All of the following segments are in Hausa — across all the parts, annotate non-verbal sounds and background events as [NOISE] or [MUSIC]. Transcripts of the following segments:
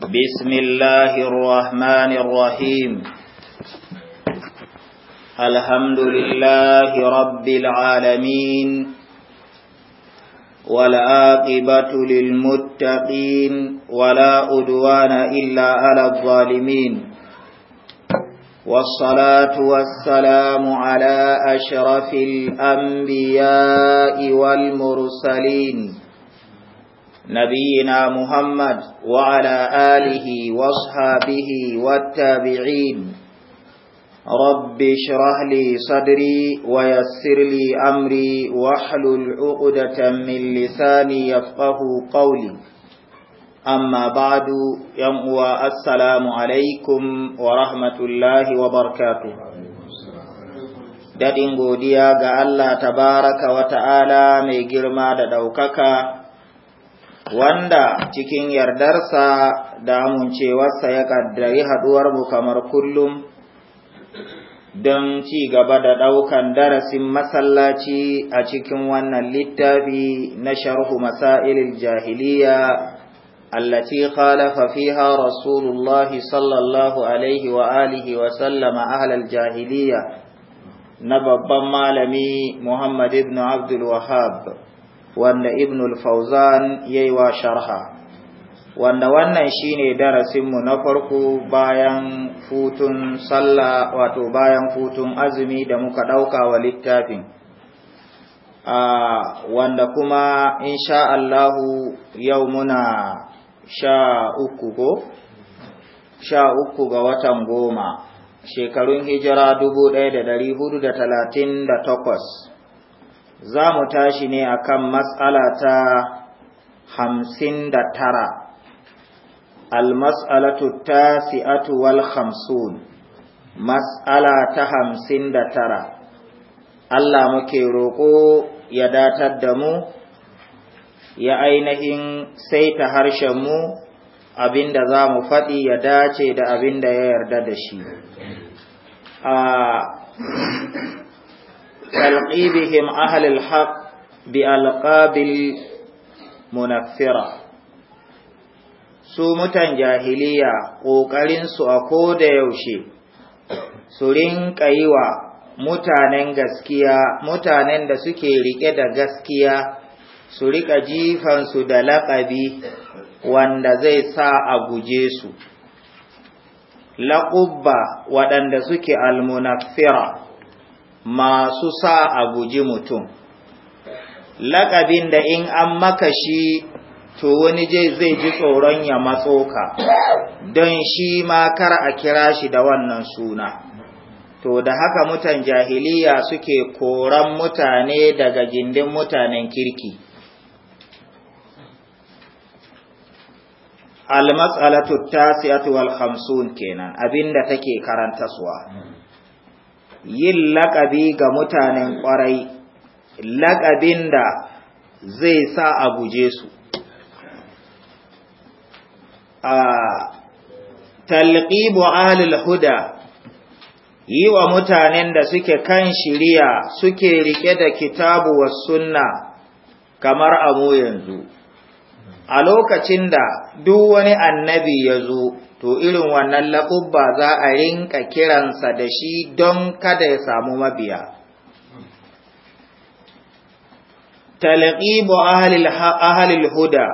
بسم الله الرحمن الرحيم الحمد لله رب العالمين والعاقبة للمتقين ولا أدوان إلا على الظالمين والصلاة والسلام على أشرف الأنبياء والمرسلين نبينا محمد وعلى آله واصحابه والتابعين رب اشرح لي صدري ويسر لي أمري واحلل عقدة من لساني يفقه قولي أما بعد يمؤى السلام عليكم ورحمة الله وبركاته daɗin godiya ga Allah tabaraka wa ta'ala mai girma da ɗaukaka wanda cikin yardarsa da amincewarsa ya ƙaddari haɗuwarmu kamar kullum don ci gaba da ɗaukan darasin masallaci a cikin wannan littafi na sharhu masailil jahiliya allati khalafa fiha rasulullahi sallallahu alaihi wa alihi wa sallama ahlal jahiliya na babban malami Muhammad ibn Abdul Wahhab wanda ibn al-fauzan yayi wa sharha wanda wannan shine mu na farko bayan futun sallah wato bayan futun azumi da muka dauka wa littafin a wanda kuma insha Allahu yau muna sha uku ko sha uku ga watan goma shekarun hijira dubu ɗaya da ɗari da talatin da takwas za mu tashi ne akan matsala ta hamsin da tara almas'alatu si'atu wal hamsun matsala ta hamsin da tara Allah muke roƙo ya datar da mu ya ainihin sai ta harshen mu abin da za mu faɗi ya dace da abin da ya yarda da shi ah, ahlul أهل bi alqabil munaffira su mutan jahiliya su a ko da yaushe su rinƙa yi wa mutanen gaskiya mutanen da suke rike da gaskiya su riƙa jifansu da laƙabi wanda zai sa a guje su laƙubba waɗanda suke almunafira masu sa a guji mutum laƙabin da in an maka shi to wani zai ji tsoron ya matso ka don shi ma kar a kira shi da wannan suna to da haka mutan jahiliya suke koran mutane daga gindin mutanen kirki almas'alatu tasiatu wal khamsun kenan abinda take karantaswa yin laƙabi ga mutanen ƙwarai laƙabin da zai sa a guje su a talqibu ahlul huda yi wa mutanen da suke kan shiriya suke rike da kitabu wa sunna kamar amu yanzu a lokacin da duk wani annabi ya zo to irin wannan laƙubba za a rinka kiransa da shi don kada ya samu mabiya. Talaƙibu ahalil huda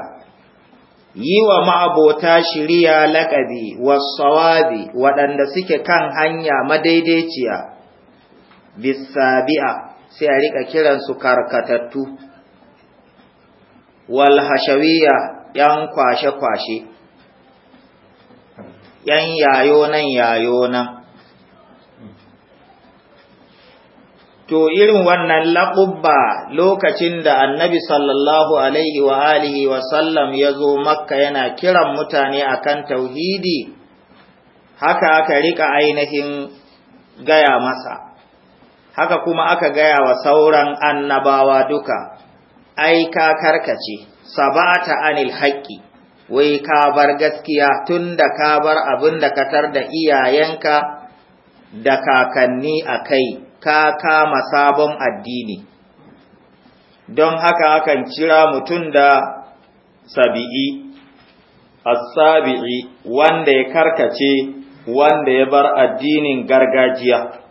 yi wa ma'abota shiriya laƙabi wasawabi waɗanda suke kan hanya madaidaiciya bisabi'a sai a riƙa kiransu karkatattu. Walhashawiya ‘yan kwashe-kwashe’ yan yayo nan yayo nan to irin wannan laƙubba lokacin da annabi sallallahu alaihi wa alihi wa sallam ya zo makka yana kiran mutane akan tauhidi haka aka rika ainihin gaya masa haka kuma aka gaya wa sauran annabawa duka ai ka karkace sabata anil haƙƙi. wai ka bar gaskiya tun da ka bar abin da ka tar da iyayenka da kakanni a kai ka kama sabon addini don haka akan cira mutum da sabi'i as-sabi'i wanda ya karkace wanda ya bar addinin gargajiya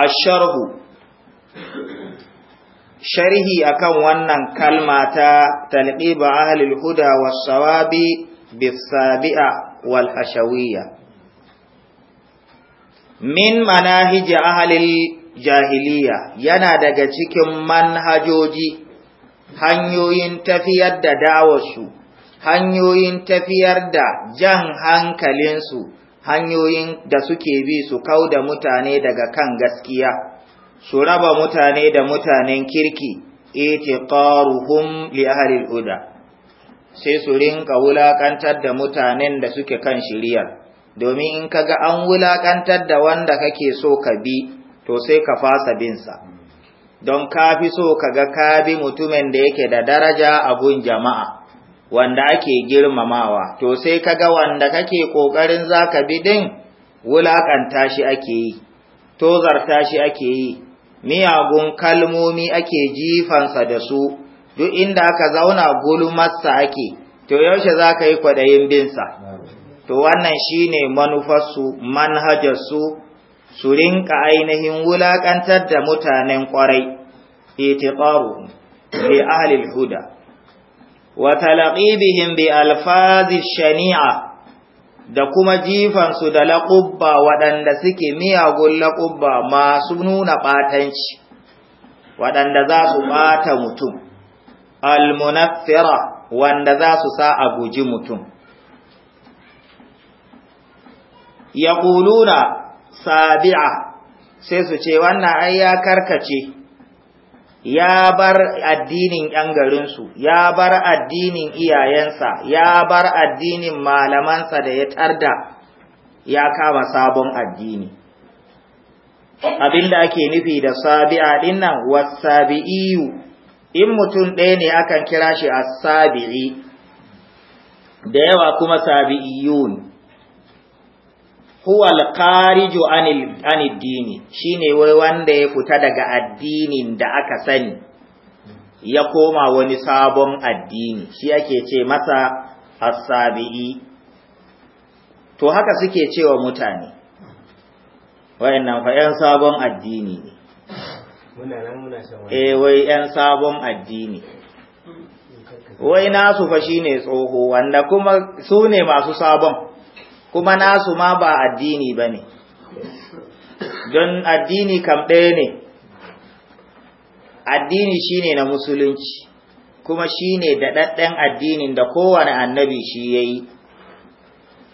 asharhu sharhi akan wannan kalma ta talqiba ahlil huda was sawabi bis sabi'a wal hashawiyya min manahij ahlil jahiliya yana daga cikin manhajoji hanyoyin tafiyar da dawarsu hanyoyin tafiyar da jan hankalinsu hanyoyin da suke bi su kau da mutane daga kan gaskiya su raba mutane da mutanen kirki itiqaruhum li ahli al-huda sai su rinka wulaƙantar da mutanen da suke kan shiriyar domin in kaga an wulaƙantar da wanda kake so ka bi to sai ka fasa bin sa don ka fi so kaga ka bi mutumin da yake da daraja a gun jama'a wanda ake girmamawa to sai kaga wanda kake kokarin zaka bi din wulaƙanta shi ake yi tozarta shi ake yi miyagun kalmomi ake jifansa da su duk inda aka zauna gulmarsa ake to yaushe za ka yi kwaɗayin binsa to wannan shine manufarsu manhajarsu su rinka ainihin wulaƙantar da mutanen ƙwarai itiqaru bi ahli huda wa talaqibihim bi alfazi shani'a da kuma jifan su da laƙubba waɗanda suke miyagun laƙubba masu nuna ɓatanci, waɗanda za su ɓata mutum, almunaffira wanda za su sa a guji mutum. Ya ƙuluna sabi'a sai su ce wannan ai ya karkace, ya bar addinin ‘yan garinsu, ya bar addinin iyayensa, ya bar addinin malamansa da ya tarda ya kama sabon addini. abinda ake nufi da sabi'a ɗin wasabi'iyu, in mutum ɗaya ne akan kira shi a sabi'i, da yawa kuma sabi'iyun. huwa alqariju anil anid dini shine wai wanda ya fita daga addinin da aka sani ya koma wani sabon addini shi ake ce masa asabi'i to haka suke cewa mutane wayannan fa yan sabon addini ne eh wai ‘yan sabon addini, wai nasu fa shi ne tsoho, wanda kuma su ne masu sabon, kuma nasu ma ba addini bane, don addini kam ɗaya ne addini shine na musulunci kuma shine daɗaɗɗen addinin da kowane annabi shi ya yi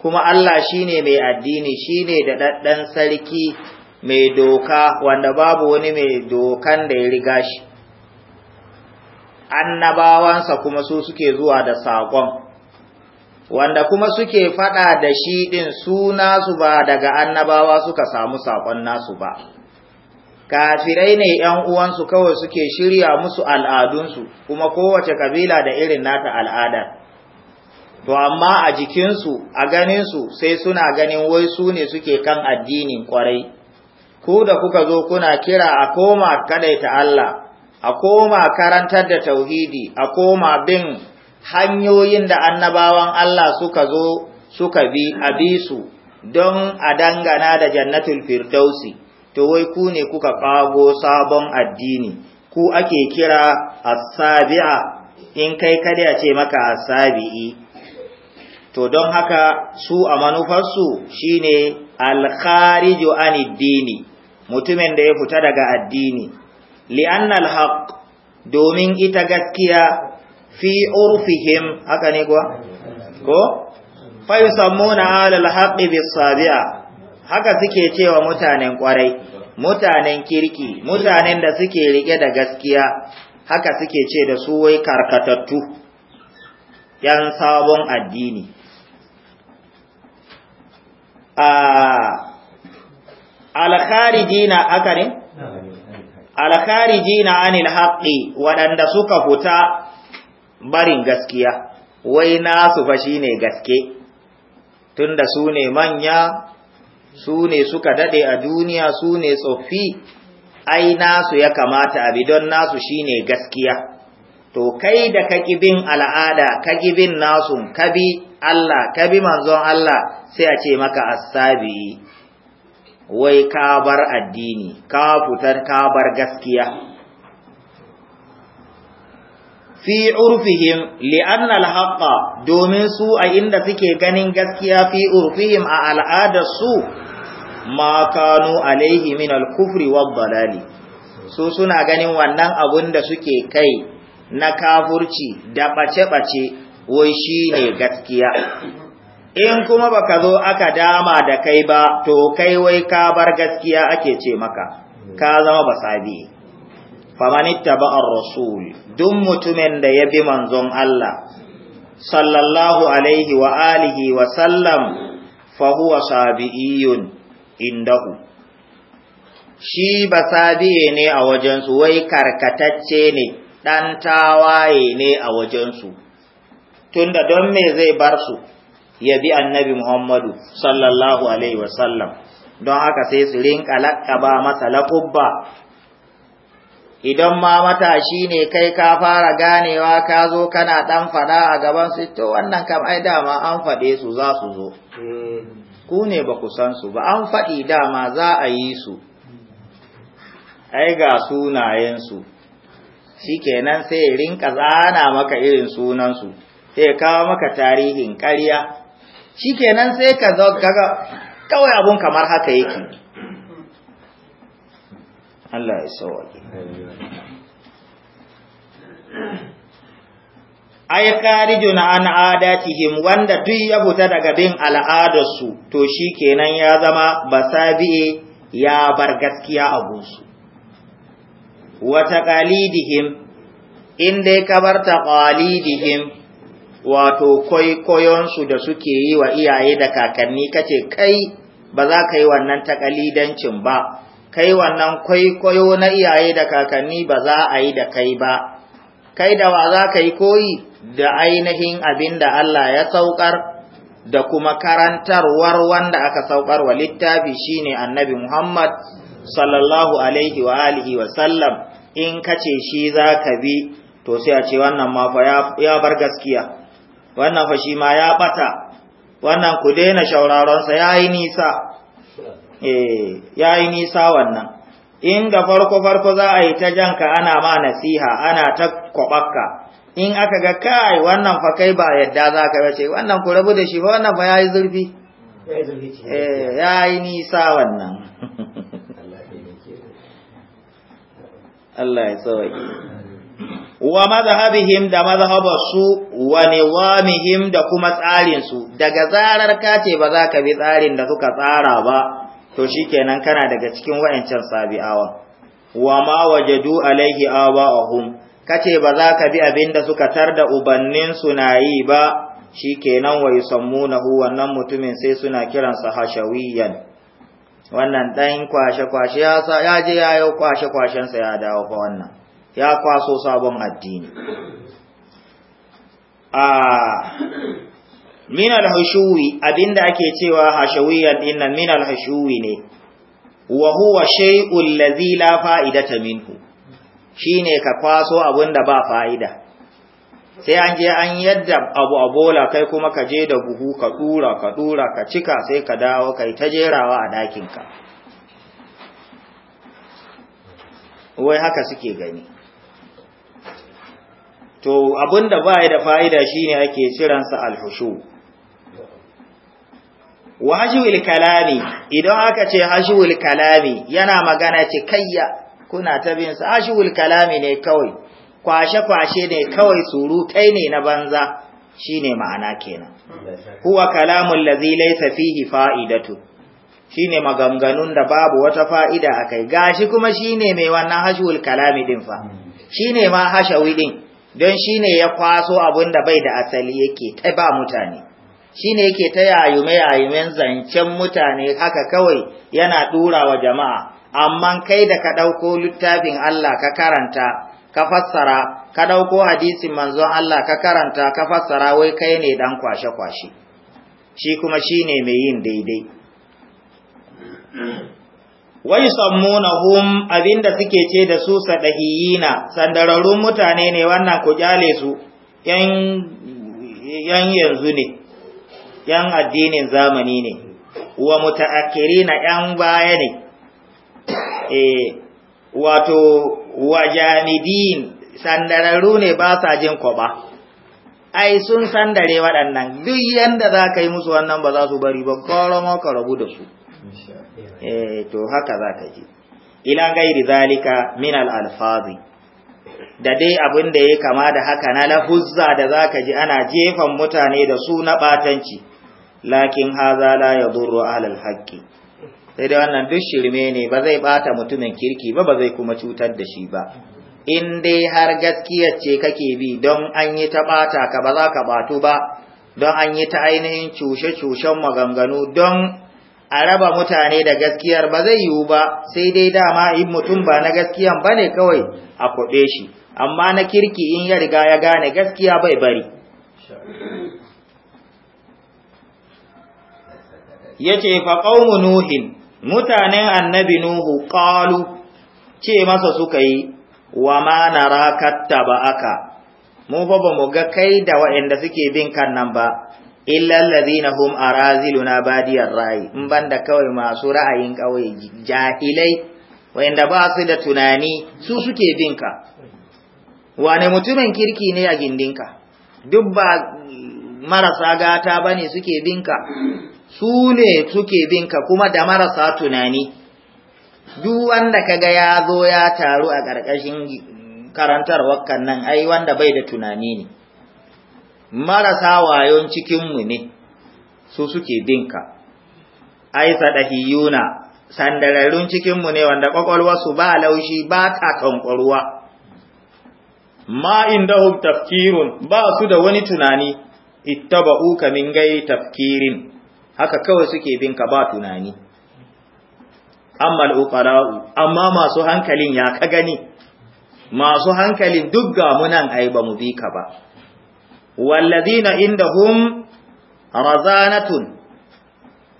kuma Allah shine mai addini shine daɗaɗɗen sarki mai doka wanda babu wani mai dokan da ya riga shi annabawansa kuma su suke zuwa da saƙon wanda kuma suke faɗa da shi ɗin su nasu ba daga annabawa suka samu saƙon nasu ba. Kafirai ne ‘yan uwansu kawai suke shirya musu al'adunsu, kuma kowace kabila da irin nata al'adar. To, amma a jikinsu, a ganinsu sai suna ganin wai su ne suke kan addinin kwarai. Ku da kuka zo kuna kira a koma kadaita Allah, a koma karantar da tauhidi, a koma bin hanyoyin da annabawan Allah suka zo suka bi a bi su don a dangana da jannatul firdausi to wai ku ne kuka ƙago sabon addini ku ake kira asabi'a in kai kada ce maka asabi'i to don haka su a manufarsu shine alkhariju ani dini mutumin da ya fita daga addini li'annal haq domin ita gaskiya fi urfihim haka ne kuwa ko fa yusammuna ala haqqi bis sabi'a haka suke cewa mutanen kwarai mutanen kirki mutanen da suke rike da gaskiya haka suke ce da su wai karkatattu yan sabon addini a alkharijina aka ne alkharijina anil haqqi wadanda suka huta. barin gaskiya wai nasu fa shine gaske tunda su ne manya su ne suka dade a duniya su ne tsoffi ai nasu ya kamata a bi don nasu shine gaskiya to kai da ka bin al'ada ka bin nasu, ka bi Allah ka bi manzon Allah sai a ce maka asabi wai ka bar addini ka fitar ka bar gaskiya fi urfihim li'anna al domin su a inda suke ganin gaskiya fi urfihim a al'adar su ma kanu alaihi min al-kufri dalali su suna ganin wannan abun da suke kai na kafurci da bace-bace wai shine gaskiya in kuma baka zo aka dama da kai ba to kai wai ka bar gaskiya ake ce maka ka zama basabi famanitta ba'ar rasul duk mutumin da ya bi manzon Allah sallallahu alaihi wa alihi wa sallam fa huwa sabi'iyun indahu shi basabiye ne a wajensu wai karkatacce ne ɗan tawaye ne a wajensu tunda don me zai bar su ya bi annabi Muhammadu sallallahu alaihi sallam, don haka sai su rinka ba masa laƙubba idan ma matashi ne kai ka fara ganewa ka zo kana ɗan fada a gaban su to wannan kam ai dama an faɗe su za su zo hmm. ku ne ba ku san su ba an faɗi dama za a yi su ai ga sunayensu shi kenan sai rinka zana maka irin sunansu sai kawo maka tarihin ƙarya Shikenan sai ka zo kawai abun kamar haka yake Allah ya sauwaƙe ai kharijun an adatihim wanda duk ya fita daga bin al'adarsu to shi kenan ya zama ba basabi'e ya bar gaskiya a gunsu wa in dai ka bar taqalidihim wato koyonsu da suke yi wa iyaye da kakanni kace kai ba za ka yi wannan taƙalidancin ba kai wannan kwaikwayo na iyaye da kakanni ba za a yi da kai ba kai da wa za ka yi koyi da ainihin abin da Allah ya saukar da kuma karantarwar wanda aka saukar wa littafi shi ne annabi Muhammad sallallahu alaihi wa alihi wa sallam in kace shi za ka bi to sai a ce wannan ma ya bar gaskiya wannan fa shi ma ya bata wannan ku daina shauraron sa yi nisa Eh, ya yi nisa wannan in ga farko farko za a yi ta janka ana ma nasiha ana ta kwabakka in aka ga kai wannan fa kai ba yadda za ka bace wannan ku rabu da shi ba wannan fa ya yi zurfi ya eh, yi nisa wannan Allah ya tsawaki wa mazhabihim da mazhabarsu wa niwamihim da kuma tsarinsu daga zarar ka ce ba za ka bi tsarin da suka tsara ba to shikenan kana daga cikin wayancan sabi'awa wa ma wajadu alaihi aba'ahum kace ba za ka bi abin da suka tar da ubannin na yi ba shikenan wa yusammunahu wannan mutumin sai suna kiransa hashawiyan wannan dan kwashe kwashe ya sa ya je ya yi kwashe kwashen sa ya dawo fa wannan ya kwaso sabon addini a ah. min al-hushuwi abinda ake cewa hashawiyya dinnan min al-hushuwi ne wa huwa shay'ul ladhi la fa'idata minhu shine ka kwaso abinda ba fa'ida sai an je an yadda abu a bola kai kuma ka je da buhu ka dura ka dura ka cika sai ka dawo kai ta jerawa a ka wai haka suke gani to abinda ba da fa'ida shine ake ciransa alhushu wa hashwil kalami idan aka ce hashwil kalami yana magana kayya kuna ta bin sa hashwil kalami ne kawai kwashe kwashe ne kawai surutai ne na banza shine ma'ana kenan huwa kalamul ladhi laysa fihi fa'idatu shine maganganun da babu wata fa'ida akai gashi kuma shine mai wannan hashwil kalami din fa shine ma hashawi din don shine ya kwaso abun bai da asali yake ta ba mutane Shi ne yake ta yayume yayumen zancen mutane haka kawai yana ɗura wa jama'a amma kai da ka ɗauko littafin Allah ka karanta ka fassara ka ɗauko hadisin manzon Allah ka karanta ka fassara wai kai ne dan kwashe-kwashe shi kuma shi ne mai yin daidai wai abin abinda suke ce da su sadahiyina sandararrun mutane ne wannan ku kyale su yan yanzu ne ‘yan addinin zamani ne, wa muta'akiri na ‘yan baya ne, e, wato wa jamidin sandararru ne ba sa jin kwaba. Ai, sun sandare waɗannan, duk yanda za ka yi musu wannan ba za su bari ba, koromo ka rabu da su. E, to haka za ka ji. Ila gairi zalika min al'alfazi. da dai abin da ya kama da haka na lafuzza da za ka ji ana jefan mutane da su na ɓatanci lakin haza la yadurru alal hakki. sai dai wannan duk shirme ne ba zai bata mutumin kirki ba ba zai kuma cutar da shi ba in dai har gaskiya ce kake bi don an yi ta bata ka ba za ka batu ba don an yi ta ainihin cushe-cushen maganganu don a raba mutane da gaskiyar ba zai yiwu ba sai dai dama in mutum ba na gaskiyan ba ne kawai a kuɗe shi amma na kirki in ya riga ya gane gaskiya bai bari yace fa qaumu nuhin mutanen annabi nuhu qalu ce masa suka yi wa ma naraka tabaka mu fa mu ga kai da waɗanda suke bin kan nan ba illa na hum araziluna badiyar rai in banda kawai masu ra'ayin ƙauye jahilai wayanda ba su da tunani su suke ka. wane mutumin kirki ne a gindinka duk marasa gata bane suke binka su ne suke binka kuma da marasa tunani duk wanda kaga ya zo ya taru a ƙarƙashin karantarwar nan ai wanda bai da tunani ne marasa wayon cikinmu ne su suke binka ai sadahiyuna sandararrun cikinmu ne wanda su ba laushi ba ta tankwaruwa ma inda tafkirun ba su da wani tunani ittaba'uka min gai tafkirin haka kawai suke bin ka ba tunani amma al'uqara'u amma masu hankalin ya ka gani masu hankalin duk ga munan ai ba mu bi ka ba wallazina indahum razanatun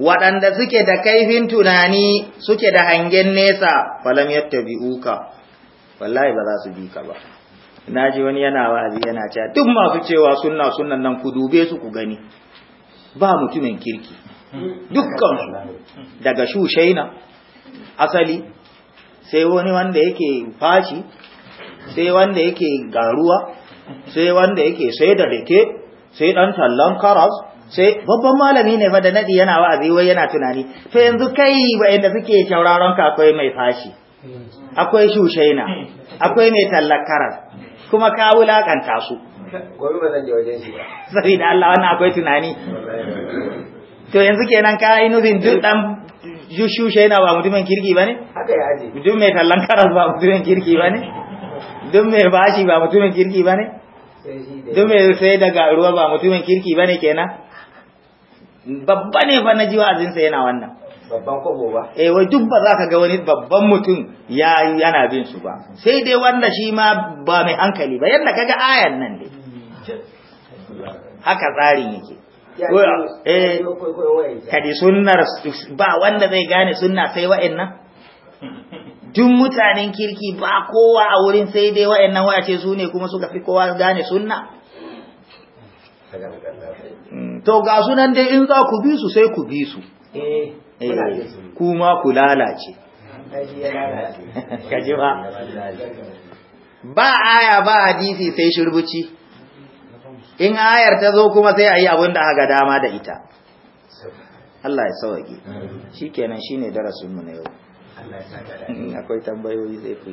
waɗanda suke da kaifin tunani suke da hangen nesa falam yattabi'uka wallahi ba za su bi ka ba na ji wani yana wa'azi yana cewa duk masu cewa sunna sunnan nan ku dube su ku gani ba mutumin kirki dukkansu daga shushaina asali sai wani wanda yake fashi sai wanda yake garuwa sai wanda yake sai da rike, sai dan tallan karas sai babban malami ne fa da nadi yana wa'azi wai yana tunani Ta yanzu kai ba inda suke shauraron ka akwai mai fashi akwai shushaina akwai mai tallakarar kuma ka wulakanta su gobe ba zan je wajen shi ba saboda Allah wannan akwai tunani to yanzu kenan ka yi nufin duk dan shushaina ba mutumin kirki ba ne haka ya aje duk mai tallan karas ba mutumin kirki ba ne duk mai bashi ba mutumin kirki ba ne duk mai sai daga ruwa ba mutumin kirki ba ne kenan babba ne fa na ji wa'azinsa yana wannan babban kobo ba eh wai duk ba za ka ga wani babban mutum ya yana bin su ba sai dai wanda shi ma ba mai hankali ba yadda kaga ayan nan ne haka tsarin yake eh kadi sunnar ba wanda zai gane sunna sai wa'annan duk mutanen kirki ba kowa a wurin sai dai wa'annan wayace su ne kuma suka fi kowa gane sunna mm, to ga sunan dai in za ku bi su sai ku bi su eh. Eh, kuma ku lalace [LAUGHS] kaji ba ba aya ba hadisi sai shirbuci in ayar ta zo kuma sai a yi abin da aka dama da ita Allah ya sauwaƙe shi kenan shi ne darasinmu na yau hmm, akwai tambayoyi zai fi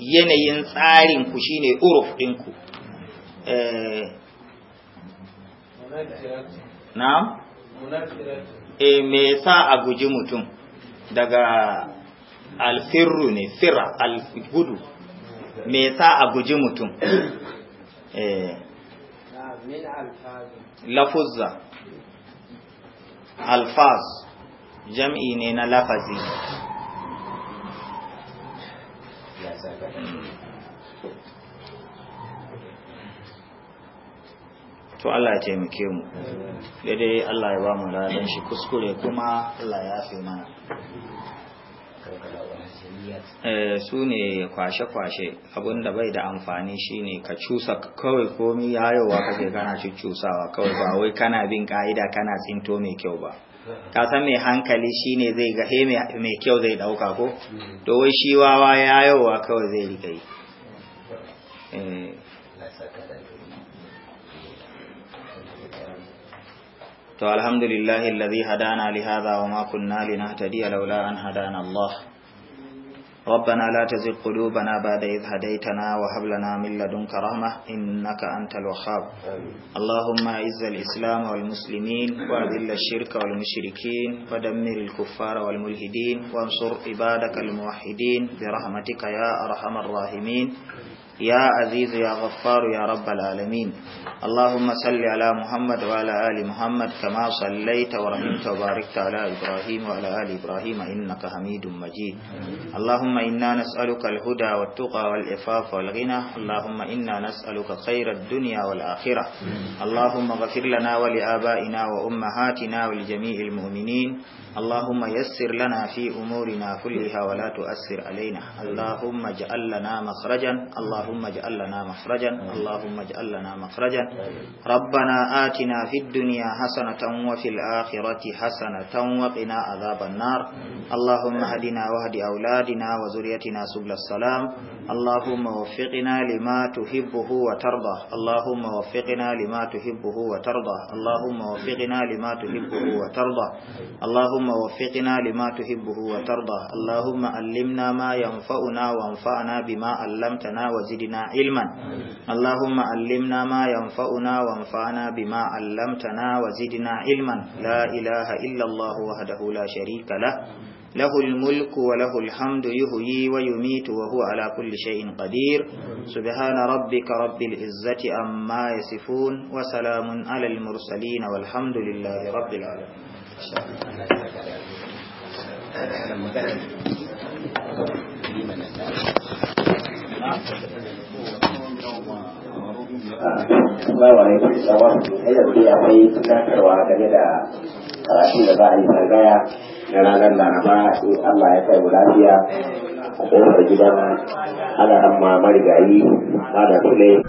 yanayin tsarinku shine uruf ɗinku eh, na? e eh, me sa a guji mutum daga alfirru ne fira algudu me sa a guji mutum eh, lafuzza alfaz jam'i ne na lafazi to Allah ya taimake mu daidai Allah ya ba mu ladan shi kuskure kuma Allah ya fi mana eh, su ne kwashe-kwashe abinda bai da amfani shine ka cusa kawai komi yayowa kake kana cusawa kawai ba wai kana bin ka'ida kana tsinto mai kyau ba ka san mai hankali shi ne zai ga he mai kyau zai dauka ko to wai shi wawa ya yayowa kawai zai rika yi eh. to alhamdulillahi alladhi hadana li hadha wa ma kunna linahtadiya laula an hadana Allah ربنا لا تزغ قلوبنا بعد إذ هديتنا وهب لنا من لدنك رحمة إنك أنت الوهاب اللهم أعز الإسلام والمسلمين وأذل الشرك والمشركين ودمر الكفار والملحدين وانصر عبادك الموحدين برحمتك يا أرحم الراحمين يا عزيز يا غفار يا رب العالمين اللهم صل على محمد وعلى آل محمد كما صليت ورحمت وباركت على إبراهيم وعلى آل إبراهيم إنك حميد مجيد اللهم إنا نسألك الهدى والتقى والإفاف والغنى اللهم إنا نسألك خير الدنيا والآخرة اللهم غفر لنا ولآبائنا وأمهاتنا ولجميع المؤمنين اللهم يسر لنا في أمورنا كلها ولا تؤثر علينا اللهم اجعل لنا مخرجا اللهم اللهم اجعل لنا مخرجا اللهم اجعل لنا مخرجا ربنا آتنا في الدنيا حسنة وفي الآخرة حسنة وقنا عذاب النار اللهم اهدنا واهد أولادنا وزريتنا سبل السلام اللهم وفقنا لما تحبه وترضى اللهم وفقنا لما تحبه وترضى اللهم وفقنا لما تحبه وترضى اللهم وفقنا لما تحبه وترضى اللهم علمنا ما ينفعنا وانفعنا بما علمتنا وزدنا وزدنا علما اللهم علمنا ما ينفعنا وانفعنا بما علمتنا وزدنا علما لا إله إلا الله وحده لا شريك له له الملك وله الحمد يهيي ويميت وهو على كل شيء قدير سبحان ربك رب العزة عما يصفون وسلام على المرسلين والحمد لله رب العالمين Thank you. Bawa ne kuma tsawon yadda zai akwai tunatarwa game da karatun da za a yi sangaya na ranar laraba in Allah ya kai lafiya a ƙofar gidan ana hamma marigayi ba da tule.